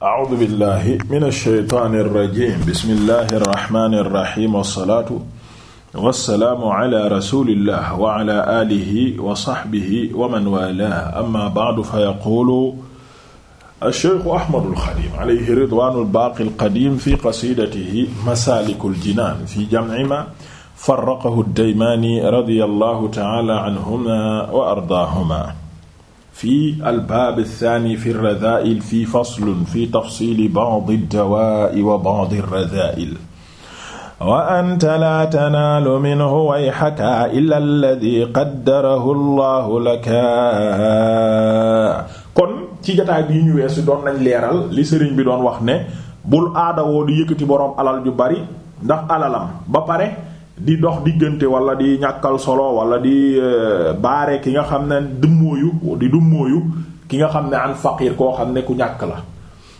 a'uudu billahi mina shaytaani rajiim bismillahi rahmaani rahiim wasalaatu wasalaamu ala rasulillah wa ala aalihi wa saxbihi wa man waalaahu amma ba'du fa yaquulu ash-shaykhu Ahmadu al-Xadiim alayhi ridwaanu al-baaqi al-qadiim fi qasiidatihi masaaliku al-jinaan fi jam'i maa farraqahu ad-Daymaani radiyallahu ta'aala anhumaa wa ardaahumaa fi albaab althani fi alradaail fi faslun fi tafsili ba'd ad-dawaa'i wa ba'd ar-radaail wa anta laa tanaalu minhu wayhaka illa alladhi qaddarahu allahu laka kon ci jotaay bi ñu weesu doon nañ leeral li sëriñ bi doon wax ne bul aadawoo di yëkkati boroom alal ju bari ndax alalam ba pare di dox diggante wala di ñàkkal solo wala di euh, baare ki nga xam ne dummóoyu di dummóoyu ki nga xam ne an faqir koo xam ne ku ñàkk la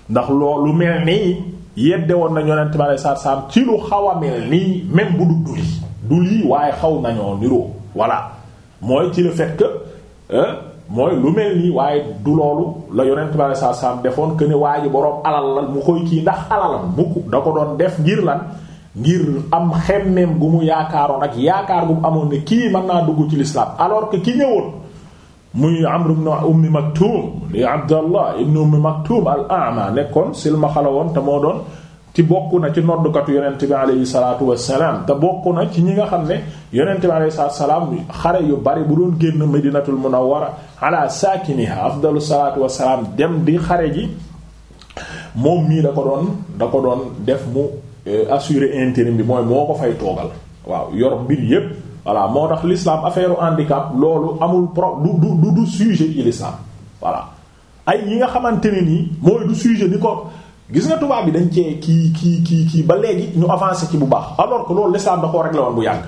ndax loolu mel nii yedde woon na yonent bi aleyhi salaatu ci lu xaw a mel nii même bu du dul yi waaye xaw nañoo niroo voilà mooy ci le fait que euh, mooy lu mel nii waaye du loolu la yonent bi aleyhi salaatu salaam defoon que ne waa ji boroom alal la mu koy kii ndax alalam mu da ko doon def ngir lan ngir am xemmeem gu mu yaakaaroon ak yaakaar gu mu amoon ne kii mën naa dugg ci l'islam alors que ki ñëwoon muy Amr ibn Ummi Maktum li Abdallah ibn Ummi Maktum al-A'ma nekkoon silma te moo doon ci bokk na ci noddukatu yonent bi alayhi salaatu wassalaam te bokk na ci ñi nga xam ne yonent bi alayhi salaatu xare yu bari bu doon génn Madinatul Munawwara ala saakiniha afdalu salaatu wassalaam dem di xare ji moom mii da ko doon da ko doon def mu Euh, assurer intérim bi mooy moo ko fay toogal waaw yor mbir yépp voilà moo tax l'islam affaire handicap loolu amul pro du du du sujet ci l'islam voilà ay yi nga xamante ne nii mooy du sujet ni ko gis nga tubaab bi dañ cee kii kii kii kii ba léegi ñu avancé ci bu baax alors que loolu l'islam da koo réglé woon bu yàgg.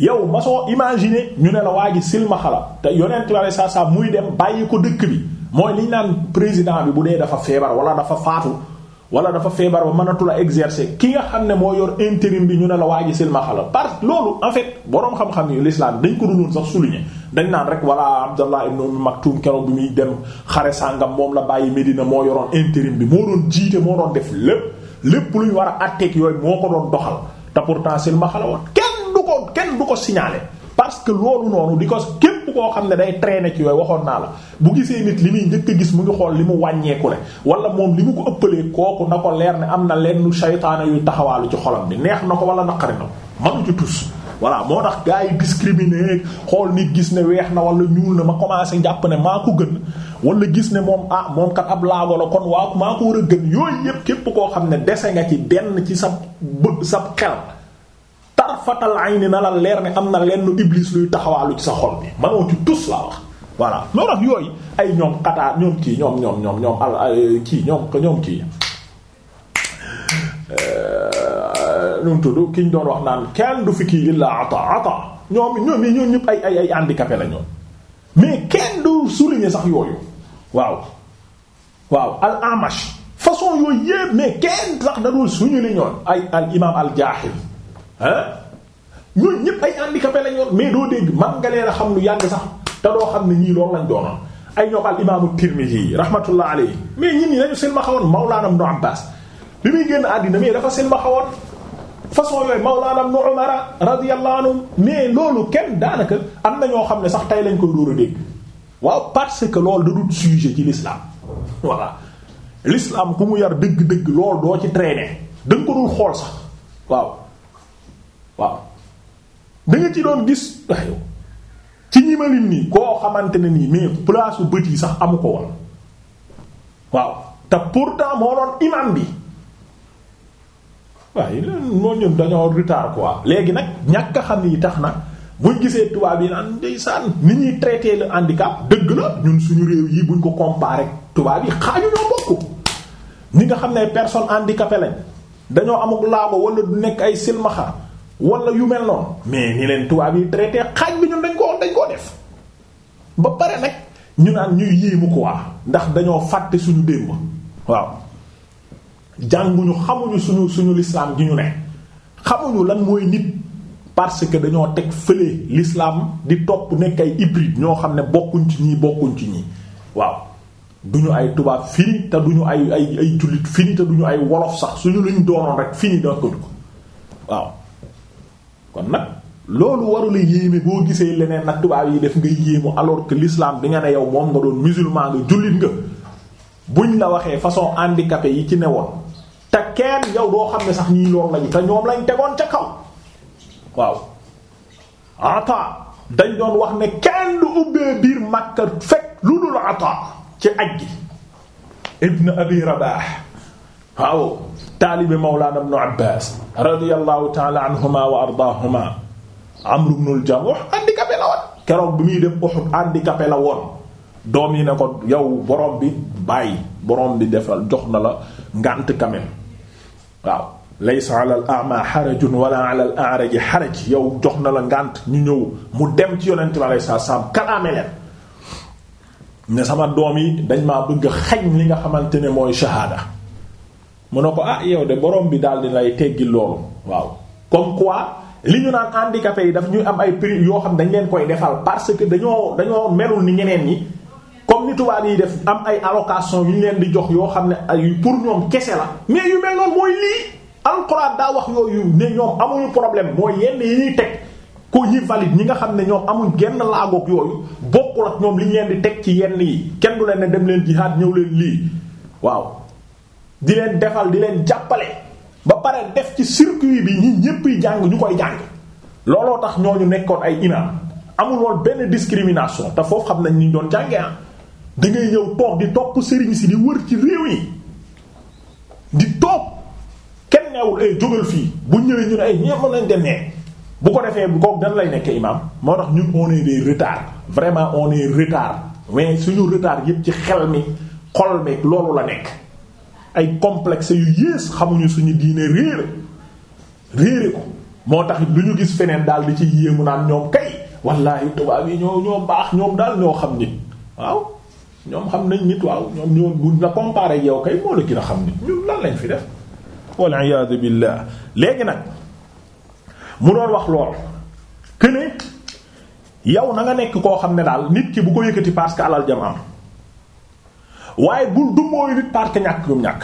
yow ma soo imaginer ñu ne la waa ji silma xala te yonent wala saa saa muy dem bàyyi ko dëkk bi mooy li ñu naan président bi bu dee dafa feebar wala dafa faatu. wala dafa feebar ba mënatula exercer ki nga xam ne moo yor intérim bi ñu ne la waa ji silmaxa la parce que loolu en fait boroom xam-xam yu l'islam dañ ko duloon sax souligner dañ naan rek wala Abdallah ibn Umm Maktum keroog bi muy dem xare sàngam moom la bàyyi Medina moo yoroon intérim bi moo doon jiite moo doon def lépp lépp lu ñu war a àtteeg yooyu moo ko doon doxal te pourtant silmaxa la woon kenn du ko kenn du ko signaler parce que loolu noonu di ko koo xam ne day traîner ci yooyu waxoon naa la bu gisee nit li muy njëkk a gis mu ngi xool li mu wàññeeku le wala moom li mu ko ëppalee kooku na ko leer ne am na lenn saytaane yu taxawaalu ci xolam bi neex na ko wala naqari na manu ci tus voilà moo tax gars yi discriminer xool nit gis ne weex na wala ñuul na ma commencé jàpp ne maa ko gën wala gis ne moom ah moom kat ab laago la kon waa maa ko war a gën yooyu yëpp képp koo xam ne dese nga ci benn ci sa bë sa xel tarfatal ayni na la leer ne am na lenn iblis luy taxawaalu ci sa xol bi manoo ci tus laa wax voilà moo tax yooyu ay ñoom xataar ñoom kii ñoom ñoom ñoom ñoom kii ñoom ñoom kii euh, nu mu tudd ki ñu doon wax naan kenn du fi kii illa ata ata ñoom ñoom yi ay ay ay handicapé la ñoom mais kenn du souligner sax yooyu waaw waaw al amash façon yooyu yëpp mais kenn sax da doon suñu li ñoon ay al imam al jaaxil ñooñu ñëpp ay handicapé lañ woon mais doo dégg man nga leen xam lu yàgg sax te doo xam ne ñii loolu lañ doonoon ay ñoom al imaamu Tirmidhi rahmatullah alayhi mais ñin ñi dañu ma xawoon Mawlaana Ibn Abbaas bi muy génn àddina mais dafa seen ma xawoon façon yooyu Mawlaana Ibn Umar radiyallahu anhum mais loolu kenn daanaka am na ñoo xam ne sax tey lañ koy dóor a dégg waaw parce que loolu da dul sujet ci l'islam voilà l'islam ku mu yar dëgg-dëgg loolu doo ci traîner da nga ko dul xool sax waaw waaw da nga ci doon gis ci ñi ma nii koo xamante ne nii mais place su bët yi sax amu ko woon waaw te pourtant moo doon imam bi waaye moo ñun dañoo retard quoi léegi nag ñàkk a xam yi tax na buñ gisee tubaab yi naan ndeysaan ni ñuy traité le handicap dëgg la ñun suñu réew yi buñ ko comparé tubaab yi xaaju ñoo bokk ñi nga xam ne personne handicapée lañ dañoo amuk laabo wala du nekk ay silmaxa wala yu mel noonu mais ni leen tubaab yi traité xaaj bi ñun dañ koo dañ koo def ba pare nag ñu naan ñuy yéemu ko waa ndax dañoo fàtte suñu démb waaw jànguñu xamuñu suñu suñu lislaam gi ñu ne xamuñu lan mooy nit parce que dañoo teg fële lislaam di topp nekk ay hybride ñoo xam ne bokkuñ ci ñii bokkuñ ci ñii waaw duñu ay tubaab fini te duñu ay ay ay jullit fini te duñu ay wolof sax suñu luñ doonoon rek fini dakadu ko waaw kon nag loolu warula yéeme boo gisee leneen nag tubaab yi def nga yéemu alors que l'islam bi nga ne yow moom nga doon musulman nga jullit nga buñ la waxee façon handicapé yi ci ne woon te kenn yow doo xam ne sax ñii loolu lañu te ñoom lañ tegoon ca kaw waaw ata dañ doon wax ne kenn du ubbee biir Makka fekk lu dul ata ci aj gi ibn abi Rabah waaw taalibe mawlaana ibnu Abbaas radiyallahu taala anhuma wa ardaahuma Amr ibn al-Jamuh handicapé la woon keroog bi muy dem Uhud handicapé la woon doom yi ne ko yow borom bi bàyyi borom bi defal jox na la ngànt quand même waaw laysa ala al a'ma harajun wala ala al a'raj yow jox na la ngànt ñu ñëw mu dem ci yonente bi alei sat salaam kalaame leen ne sama doom yi dañ maa bëgg xañ li nga xamante ne mooy shahaada mu ne ko ah yow de borom bi daal di lay teggi loolu waaw comme quoi li ñu naan handicapé yi daf ñuy am ay prix yoo xam ne dañ leen koy defal parce que dañoo dañoo melul ni ñeneen ñi comme ni tubaab yi def am ay allocation yu ñu leen di jox yoo xam ne ay pour ñoom kese la mais yu mel noonu mooy lii alxuraan daa wax yooyu ne ñoom amuñu problème mooy yenn yi ñuy teg ko ñi valide ñi nga xam ne ñoom amul genn laagoog yooyu bokkul ak ñoom li ñu leen di teg ci yenn yi kenn leen ne dem leen jihaad ñëw lii waaw di leen defal di leen jàppale ba pare def ci circuit bi ñi ñépp jàng ñu koy jàng looloo tax ñoo ñu nekkoon ay imam amul benn discrimination te foofu xam nañ ni doon jàngee ah da ñëw toog di topp sëriñ si di wër ci réew yi di toog kenn neewul ay eh, jógal fii bu ñëwee ñu ne ay ñepp lañ dem nee eh. bu ko defee bu kooku dan lay nekkee imam moo tax ñun on est des retard vraiment on est retard mais suñu retard yépp ci xel mi xol mi loolu la nekk. ay complex yu yées xamuñu suñu diine réere réere ko moo tax lu ñu gis feneen daal di ci yéemu naan ñoom kay wallaahi tubaab yi ñoo ñoo baax ñoom daal ñoo xam nit waaw ñoom xam nañ nit ñoom ñoo buñ la comparé yow kay moo la gën a xam nit ñun lan lañ fi def wal iyaadu billah léegi nag mu doon wax lool que ne yow na nga nekk koo xam ne daal nit ki bu ko yëkkati parce que alal jam am waaye bul du mooy nit parce que ñàkk ñàkk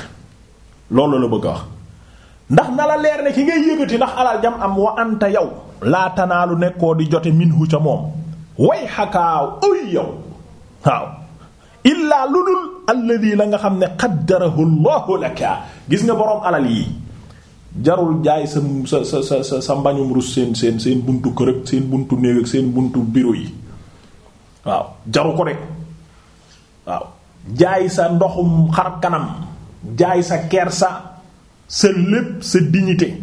loolu la bëgg a wax ndax na la leer ne ki ngay yëgati ndax alal jam am wa anta yow laa lu nekkoo di jote minhu ca moom way xakaaw ay yow waaw illaa lu dul alladi la nga xam ne qaddarahu llahu laka gis nga boroom alal yi jarul jaay sa sa sa sa sa mbañum rus seen seen seen buntu kër ak seen buntu néeg seen buntu bureau yi waaw jaru ko de waaw jaay sa ndoxum xar kanam jaay sa kersa sa lépp sa dignité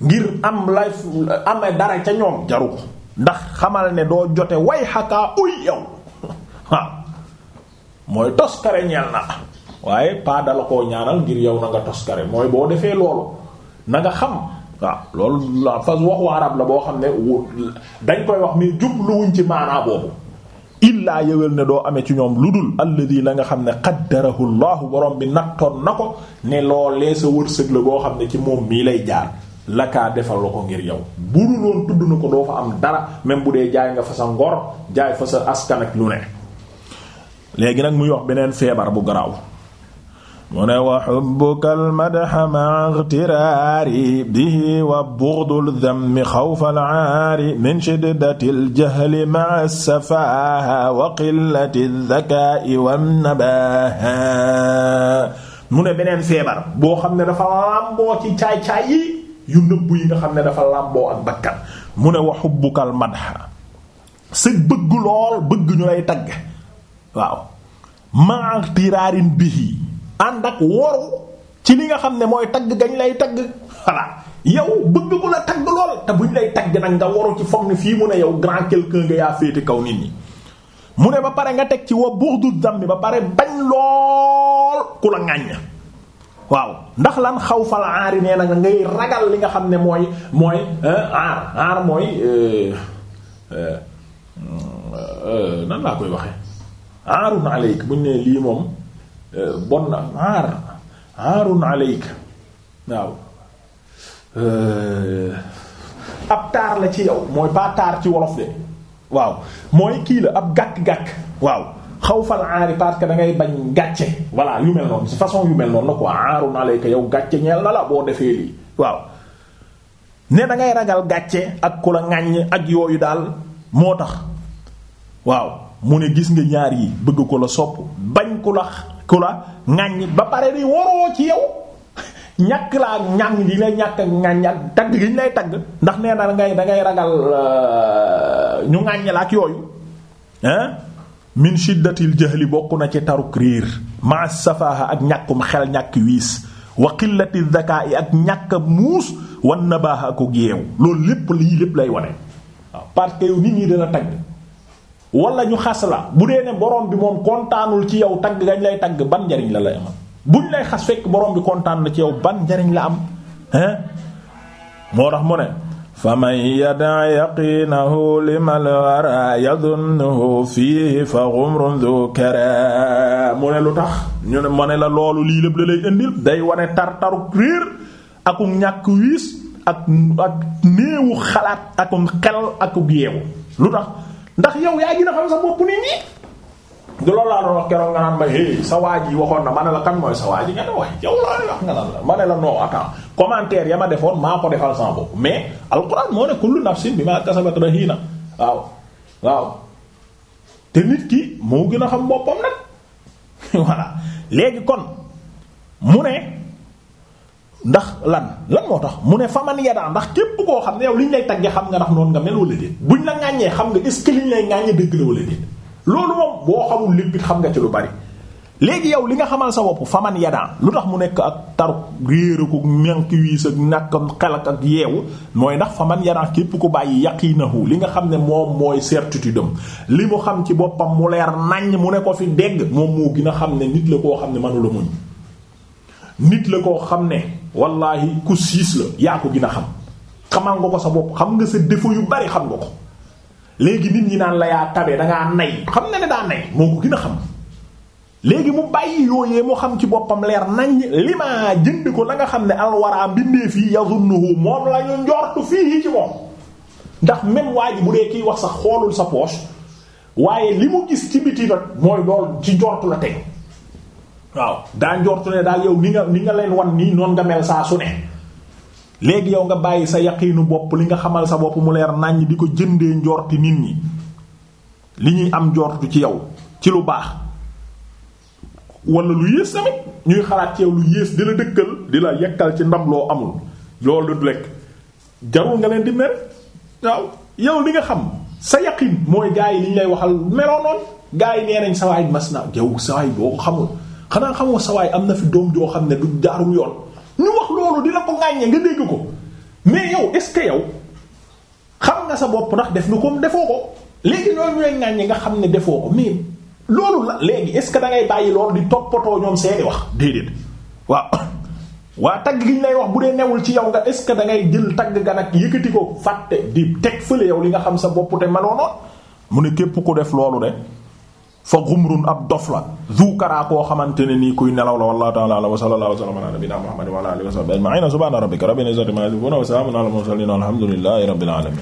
ngir am lay amee dara ca ñoom jaru ko ndax xamal ne doo jote way xakaa uy yow waaw mooy toskare ñeel na waaye pas dala koo ñaanal ngir yow na nga toskare mooy boo defee loolu na nga xam waaw loolu la fas waxu arab la boo xam ne dañ koy wax mi jubluwuñ ci maanaa boobu illaa yëwal ne doo amee ci ñoom lu dul alladi la nga xam ne qaddarahu llahu borom bi nattoon na ko ne loolee sa wërsëg la boo xam ne ci moom mii lay jaar lakaa defal la ko ngir yow bu dul woon tudd na ko doo fa am dara même bu dee jaay nga fa sa ngor jaay fa sa askan ak lu ne léegi nag muy wax beneen feebar bu garaaw mu ne wa xubbuka almadxa ma agtiraari bihi wa bughdul dammi xawfa alaari min shiddati aljahli ma safaaha wa qillati aldakaai wannabaha mu ne beneen feebar boo xam ne dafa làmboo ci caay-caay yi yu nëbbu yi nga xam ne dafa làmboo ak bakkan mu ne wa xubbuka almadxa sa bëgg lool bëgg ñu lay tagg waaw ma agtiraarin bihi ànd ak woru ci li nga xam ne mooy tagg gañ lay tagg voilà yow bëgg ku la tagg lool te buñ lay tagg nag nga waru ci foog ne fii mu ne yow grand quelqu'un nga yaa féete kaw nit ñi mu ne ba pare nga teg ci wa buxdu dammi ba pare bañ lool ku la ŋàññ waaw ndax lan xaw fal aari nee na ngay ragal li nga xam ne mooy mooy euh, aar aar mooy euh, euh, nan laa koy waxe aarun aleyk buñ ne lii moom Eh, bon aar aarun aleyka waaw eh, ab taar la ci yow mooy pas taar ci wolof de waaw mooy kii la ab gàkk-gàkk waaw xaw fal aari parce que da ngay bañ gàcce voilà yu mel noonu ci façon yu mel noonu la quoi aarun aleyka yow gàcce ñeel na la boo defee lii waaw ne da ragal gàcce ak ku la ak yooyu daal moo tax waaw mu ne gis nga ñaar yi bëgg ko la sopp bañ ku ku la ŋaññi ba pare di waroo ci yow ñàkk laa ñàng gi lay ñàkk ak ŋaññ ak tagg gi ñu lay tagg ndax nee na ngay dangay ragal euh, ñu ŋaññ la ak yooyu hein min shiddatil jahli bokk na ci taru riir ma safaha ak ñàkkum xel ñàkk wiis wa qillati dhakaa yi ak ñàkk muus wan nabaaha ak yeew loolu lépp lii lépp lay wane waaw que yow nit ñi dana tagg wala ñu xas la bu dee ne borom bi moom kontaanul ci yow tagg gañ lay tagg ban njariñ la lay am buñ lay xas fekk borom bi kontaan na ci yaw ban njariñ la am hein moo tax mu ne faman yada yaqinahu limal wara yadunnuhu fii fa xumrun du kere mu ne lu tax ñu ne ma ne la loolu lii lépp la lay indil day wane tar-taruk réer akum ñàkk wiis ak ak néewu xalaat akum xel akuk um yeewu lu tax ndax yow yaa gën a xam sa bopp nit ñi. du loolu laa doon wax keroog nga naan ma sa waa ji waxoon na ma ne la kan mooy sa waa ji nga ne waay yow laa wax nga naan la ma ne la non attends commentaire ya ma defoon maa ko defal sa bopp mais alquran moo ne kullu nafsin bima kasabat rahina waaw waaw te nit ki moo gën a xam boppam nag voilà léegi kon mu ne. ndax lan lan moo tax mu ne faman yadaa ndax képp koo xam ne yow liñ lay tagge xam nga ndax noonu nga mel wala déet buñ la ŋàññee xam nga est ce que liñ lay ŋàññee dëgg la wala déet loolu moom boo xamul lépp xam nga ci lu bari léegi yow li nga xamal sa bopp faman lu tax mu nekk ak taruk réera ko ñankiwiis ak ñàkkam xelak ak mooy ndax faman yadaa képp ku bàyyi yaqinahu li nga xam ne moom mooy certitude am li mu xam ci boppam mu leer naññ mu ne ko fi dégg moom moo gën a xam ne nit la koo xam ne mënula muñ nit la koo xam ne wallaahi ku siis la yaa ko gën a xam xamal nga ko sa bopp xam nga sa défaut yu bari xam nga ko léegi nit ñi naan la yaa tabee dangaa nay xam na ne daa nay moo ko gën a xam léegi mu bàyyi yooyee mu xam ci boppam leer nañ li ma jënd ko la nga xam ne alwaraa mbindee fii yazunnuhu moom la ñu fii fii ci moom ndax même waa ji bu dee kiy wax sax xoolul sa poos waaye li mu gis ci biti nag mooy lool ci njortu la teg waaw daa njortu ne daal yow ni nga ni nga leen wan nii noon nga mel saa su ne léegi yow nga bàyyi sa yaqiinu bopp li nga xamal sa bopp mu leer nàññ di ko jëndee njorti nit ñi li ñuy am njortu ci yow ci lu baax wala lu yées tamit ñuy xalaat ci yow lu yées di la dëkkal di la yekkal ci ndam loo amul loolu du lekk jarul nga leen di mer waaw yow li nga xam sa yaqiin mooy gaa yi li ñu lay waxal meloo noonu gaa yi nee nañ sa waay mas na yow sa waay boo xanaa xamoo sawaay am na fi doom joo xam ne du jaarul yoon ñu wax loolu dina ko ŋàññe nga dégg ko mais yow est ce que yow xam nga sa bopp ndax def nga comme defoo ko léegi loolu ñooy ŋàññe nga xam ne defoo ko mais loolu la léegi est ce que da ngay bàyyi loolu di toppatoo ñoom seeni wax déedéet waaw waa tagg gi ñu lay wax bu dee newul ci yow nga est ce que da ngay jël tagg ga nag yëkkati ko fàtte di teg fële yow li nga xam sa bopp te mënoonoon mu ne képp ko def loolu de fa xumrun ab dof la zukaraa koo xamante ne nii kuy nelaw la wallahu ta'ala wa sallallahu alayhi wa sallam ala nabina muhammadin wa ala alihi wa sahbihi ajma'in subhana rabbika rabbil izzati amma yasifun wa salamun ala al mursalin walhamdulillahi rabbil alamin